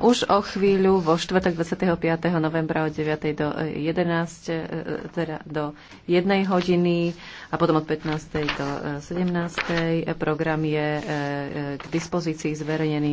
Už o chvíľu vo štvrtok 25. novembra od 9. do 11. E, e, e, teda do 1. hodiny a potom od 15. do 17. Program je k dispozícii zverejnený